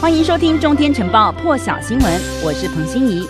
歡迎收聽《中天晨報》破曉新聞，我是彭欣怡。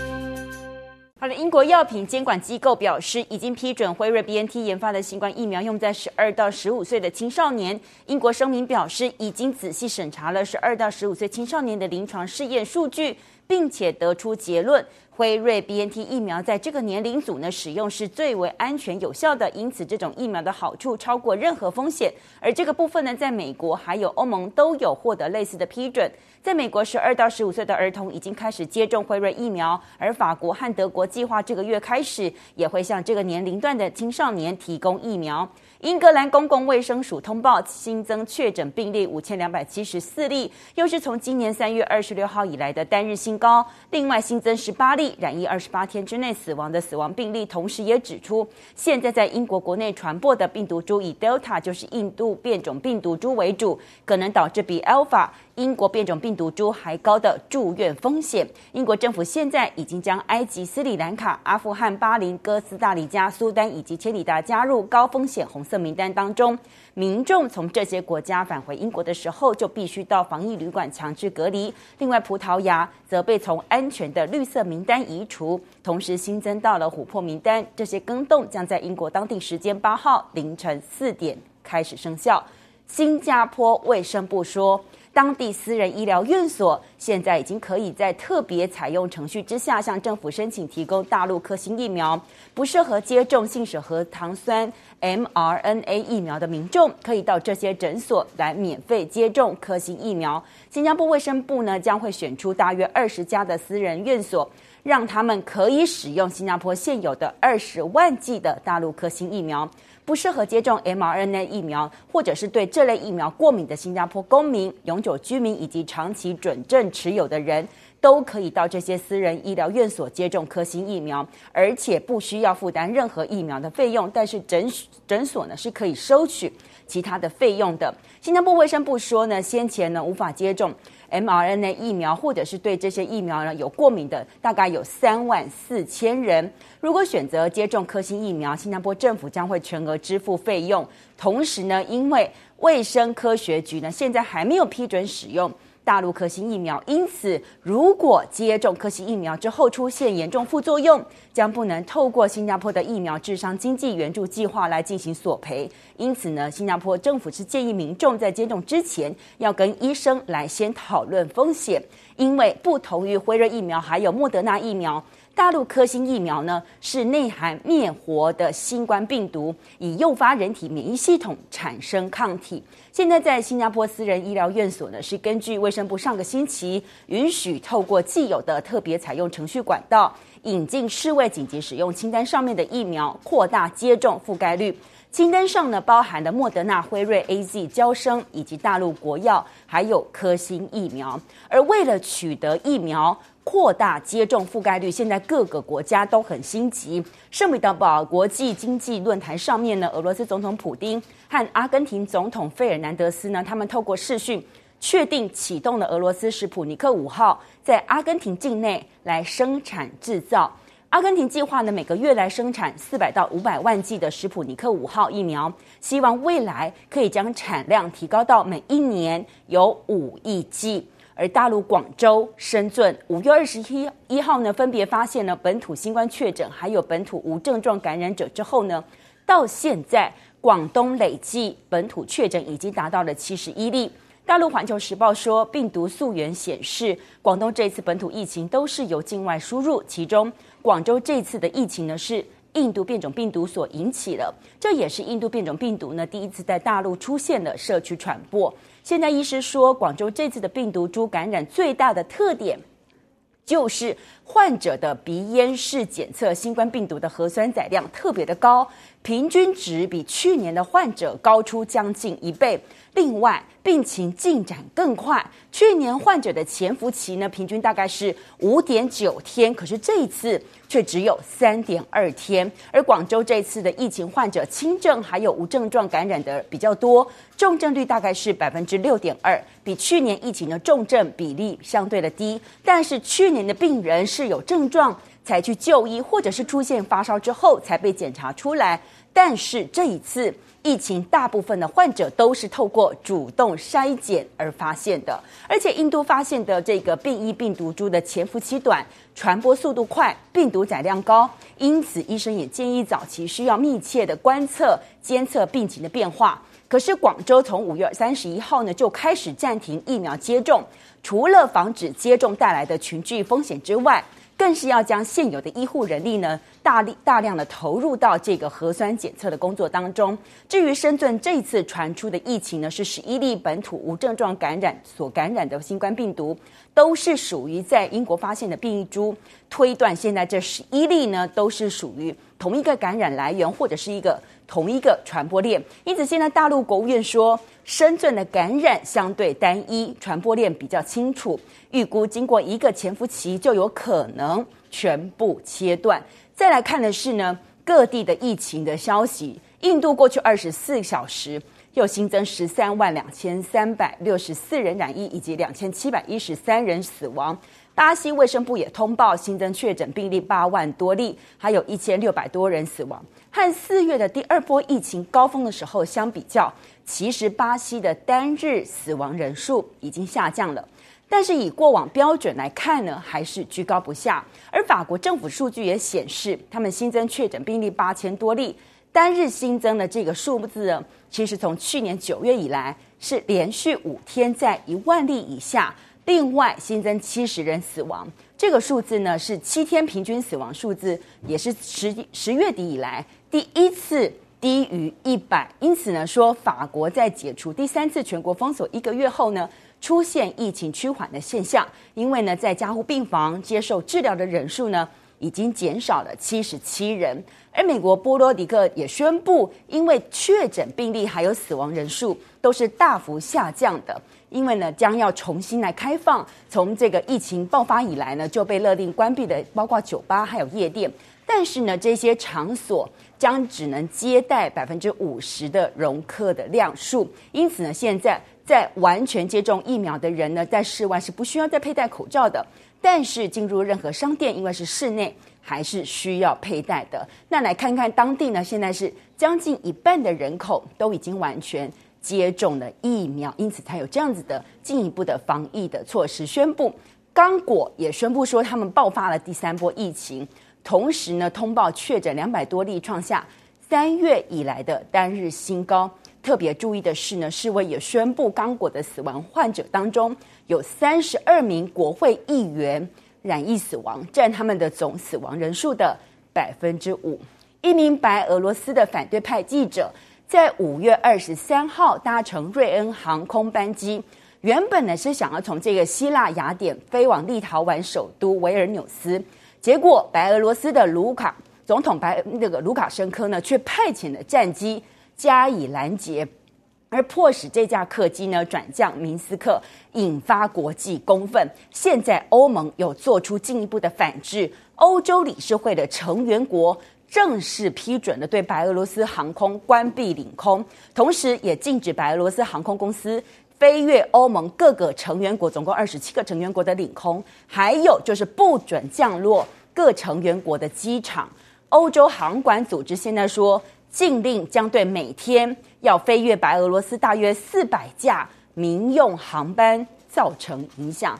好了，英國藥品監管機構表示，已經批准輝瑞 BNT 研發的新冠疫苗用在十二到十五歲的青少年。英國聲明表示，已經仔細審查了十二到十五歲青少年的臨床試驗數據，並且得出結論。輝瑞 BNT 疫苗在這個年齡組呢，使用是最為安全有效的，因此這種疫苗的好處超過任何風險。而這個部分呢，在美國還有歐盟都有獲得類似的批准。在美國，十二到十五歲的兒童已經開始接種輝瑞疫苗，而法國和德國計劃這個月開始也會向這個年齡段的青少年提供疫苗。英格蘭公共衛生署通報，新增確診病例五千兩百七十四例，又是從今年三月二十六號以來的單日新高。另外新增十八例。染疫二十八天之內死亡的死亡病例，同時也指出，現在在英國國內傳播的病毒株以 Delta，就是印度變種病毒株為主，可能導致比 Alpha。英國變種病毒株還高的住院風險。英國政府現在已經將埃及、斯里蘭卡、阿富汗、巴林、哥斯大黎加、蘇丹以及千里達加入高風險紅色名單當中。民眾從這些國家返回英國的時候，就必須到防疫旅館強制隔離。另外，葡萄牙則被從安全的綠色名單移除，同時新增到了琥珀名單。這些更動將在英國當地時間八號凌晨四點開始生效。新加坡衛生部說，當地私人醫療院所現在已經可以在特別採用程序之下，向政府申請提供大陸科興疫苗，不適合接種信使核糖酸 mRNA 疫苗的民眾，可以到這些診所來免費接種科興疫苗。新加坡衛生部呢將會選出大約二十家的私人院所。讓他們可以使用新加坡現有的二十萬劑的大陸科興疫苗，不適合接種 mRNA 疫苗或者是對這類疫苗過敏的新加坡公民、永久居民以及長期准證持有的人都可以到這些私人醫療院所接種科興疫苗，而且不需要負擔任何疫苗的費用。但是診所診所呢是可以收取其他的費用的。新加坡衛生部說呢，先前呢無法接種。mRNA 疫苗，或者是對這些疫苗呢有過敏的，大概有三萬四千人。如果選擇接種科興疫苗，新加坡政府將會全額支付費用。同時呢，因為衛生科學局呢現在還沒有批准使用。大陸科興疫苗，因此如果接種科興疫苗之後出現嚴重副作用，將不能透過新加坡的疫苗致傷經濟援助計劃來進行索賠。因此呢，新加坡政府是建議民眾在接種之前要跟醫生來先討論風險，因為不同於輝瑞疫苗還有莫德納疫苗。大陸科興疫苗呢，是內含滅活的新冠病毒，以誘發人體免疫系統產生抗體。現在在新加坡私人醫療院所呢，是根據衛生部上個星期允許透過既有的特別採用程序管道，引進世衛緊急使用清單上面的疫苗，擴大接種覆蓋率。清單上呢，包含了莫德納、輝瑞、AZ、嬌生以及大陸國藥，還有科興疫苗。而為了取得疫苗、擴大接種覆蓋率，現在各個國家都很心急。聖彼得堡國際經濟論壇上面呢，俄羅斯總統普丁和阿根廷總統費爾南德斯呢，他們透過視訊確定啟動了俄羅斯史普尼克五號在阿根廷境內來生產製造。阿根廷計劃呢每個月來生產四百到五百萬劑的史普尼克五號疫苗，希望未來可以將產量提高到每一年有五億劑。而大陸廣州、深圳五月二十一一號呢，分別發現了本土新冠確診，還有本土無症狀感染者之後呢，到現在廣東累計本土確診已經達到了七十一例。大陸《環球時報》說，病毒溯源顯示，廣東這次本土疫情都是由境外輸入，其中廣州這次的疫情呢是。印度變種病毒所引起的，這也是印度變種病毒呢第一次在大陸出現的社區傳播。現在，醫師說，廣州這次的病毒株感染最大的特點就是。患者的鼻咽拭檢測新冠病毒的核酸載量特別的高，平均值比去年的患者高出將近一倍。另外，病情進展更快。去年患者的潛伏期呢，平均大概是五點九天，可是這一次卻只有三點二天。而廣州這次的疫情患者，輕症還有無症狀感染的比較多，重症率大概是百分之六點二，比去年疫情的重症比例相對的低。但是去年的病人。是有症狀才去就醫，或者是出現發燒之後才被檢查出來。但是這一次疫情，大部分的患者都是透過主動篩檢而發現的。而且印度發現的這個變異病毒株的潛伏期短，傳播速度快，病毒載量高，因此醫生也建議早期需要密切的觀測監測病情的變化。可是廣州從五月三十一號呢就開始暫停疫苗接種，除了防止接種帶來的群聚風險之外，更是要將現有的醫護人力呢大力大量的投入到這個核酸檢測的工作當中。至於深圳這一次傳出的疫情呢，是十一例本土無症狀感染所感染的新冠病毒，都是屬於在英國發現的變異株，推斷現在這十一例呢都是屬於同一個感染來源或者是一個。同一個傳播鏈，因此現在大陸國務院說，深圳的感染相對單一，傳播鏈比較清楚，預估經過一個潛伏期就有可能全部切斷。再來看的是呢，各地的疫情的消息，印度過去二十四小時。又新增十三萬兩千三百六十四人染疫，以及兩千七百一十三人死亡。巴西衛生部也通報新增確診病例八萬多例，還有一千六百多人死亡。和四月的第二波疫情高峰的時候相比較，其實巴西的單日死亡人數已經下降了，但是以過往標準來看呢，還是居高不下。而法國政府數據也顯示，他們新增確診病例八千多例。單日新增的這個數字，其實從去年九月以來是連續五天在一萬例以下。另外新增七十人死亡，這個數字呢是七天平均死亡數字，也是十十月底以來第一次低於一百。因此呢，說法國在解除第三次全國封鎖一個月後呢，出現疫情趨緩的現象，因為呢，在加護病房接受治療的人數呢。已經減少了七十七人，而美國波多黎各也宣佈，因為確診病例還有死亡人數都是大幅下降的，因為呢將要重新來開放。從這個疫情爆發以來呢，就被勒令關閉的，包括酒吧還有夜店，但是呢這些場所將只能接待百分之五十的容客的量數。因此呢，現在在完全接種疫苗的人呢，在室外是不需要再佩戴口罩的。但是進入任何商店，因為是室內，還是需要佩戴的。那來看看當地呢，現在是將近一半的人口都已經完全接種了疫苗，因此才有這樣子的進一步的防疫的措施宣布。剛果也宣布說，他們爆發了第三波疫情，同時呢通報確診兩百多例，創下三月以來的單日新高。特別注意的是呢，世衛也宣布，剛果的死亡患者當中有三十二名國會議員染疫死亡，占他們的總死亡人數的百分之五。一名白俄羅斯的反對派記者在五月二十三號搭乘瑞恩航空班機，原本呢是想要從這個希臘雅典飛往立陶宛首都維爾紐斯，結果白俄羅斯的盧卡總統白那、這個盧卡申科呢，卻派遣了戰機。加以攔截，而迫使這架客機呢，轉降明斯克，引發國際公憤。現在歐盟有做出進一步的反制，歐洲理事會的成員國正式批准了對白俄羅斯航空關閉領空，同時也禁止白俄羅斯航空公司飛越歐盟各個成員國，總共二十七個成員國的領空，還有就是不准降落各成員國的機場。歐洲航管組織現在說，禁令將對每天要飛越白俄羅斯大約四百架民用航班造成影響。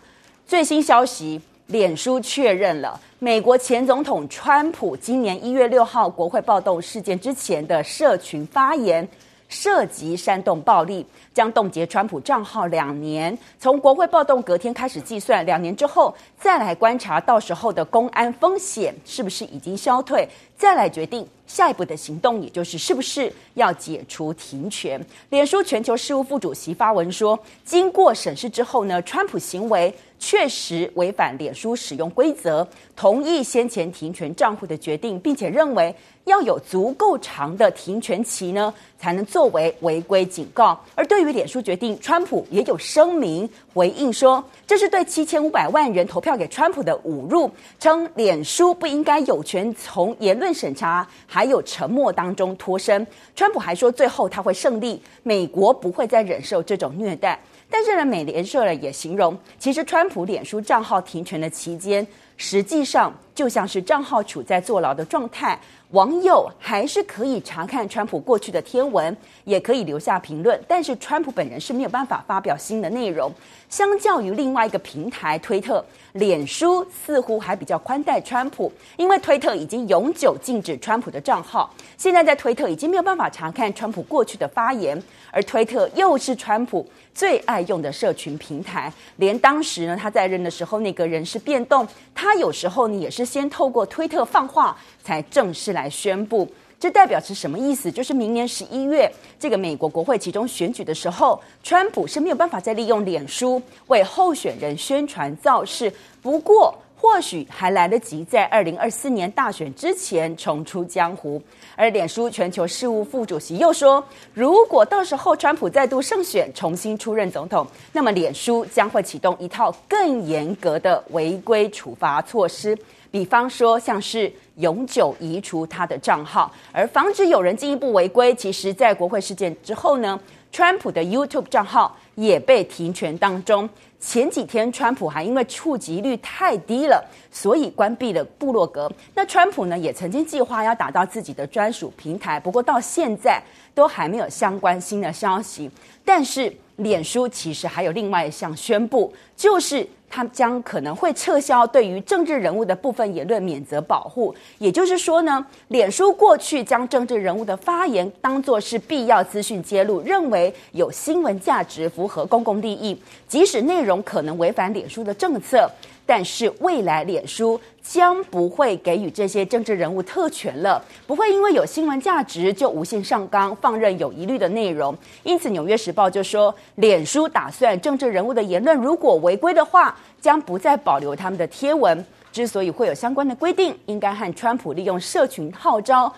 最新消息，臉書確認了美國前總統川普今年一月六號國會暴動事件之前的社群發言涉及煽動暴力。將凍結川普賬號兩年，從國會暴動隔天開始計算，兩年之後再來觀察，到時候的公安風險是不是已經消退，再來決定下一步的行動，也就是是不是要解除停權。臉書全球事務副主席發文說，經過審視之後呢，川普行為確實違反臉書使用規則，同意先前停權賬戶的決定，並且認為要有足夠長的停權期呢，才能作為違規警告。而對於臉書決定，川普也有聲明回應說，這是對七千五百萬人投票給川普的侮辱，稱臉書不應該有權從言論審查還有沉默當中脫身。川普還說，最後他會勝利，美國不會再忍受這種虐待。但是呢，美聯社呢也形容，其實川普臉書賬號停權的期間，實際上就像是賬號處在坐牢的狀態。網友還是可以查看川普過去的貼文，也可以留下評論，但是川普本人是沒有辦法發表新的內容。相較於另外一個平台推特，臉書似乎還比較寬待川普因為推特已經永久禁止川普的賬號現在在推特已經沒有辦法查看川普過去的發言。而推特又是川普最愛用的社群平台，連當時呢他在任的時候那個人事變動，他有時候呢也是先透過推特放話，才正式來來宣布，這代表是什麼意思？就是明年十一月這個美國國會期中選舉的時候，川普是沒有辦法再利用臉書為候選人宣傳造勢。不過，或許還來得及在二零二四年大選之前重出江湖。而臉書全球事務副主席又說，如果到時候川普再度勝選，重新出任總統，那麼臉書將會啟動一套更嚴格的違規處罰措施，比方說像是。永久移除他的賬號，而防止有人進一步違規。其實，在國會事件之後呢，川普的 YouTube 賬號也被停權當中。前幾天，川普還因為觸及率太低了，所以關閉了部落格。那川普呢，也曾經計劃要打造自己的專屬平台，不過到現在都還沒有相關新的消息。但是，臉書其實還有另外一項宣布，就是。他將可能會撤銷對於政治人物的部分言論免責保護，也就是說呢，臉書過去將政治人物的發言當做是必要資訊揭露，認為有新聞價值，符合公共利益，即使內容可能違反臉書的政策。但是未來臉書將不會給予這些政治人物特權了，不會因為有新聞價值就無限上綱，放任有疑慮的內容。因此，《紐約時報》就說，臉書打算政治人物的言論如果違規的話，將不再保留他們的貼文。之所以會有相關的規定，應該和川普利用社群號召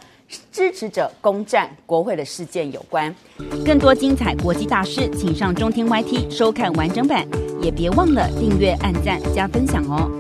支持者攻占國會的事件有關，更多精彩國際大師，請上中天 YT 收看完整版，也別忘了訂閱、按讚、加分享哦。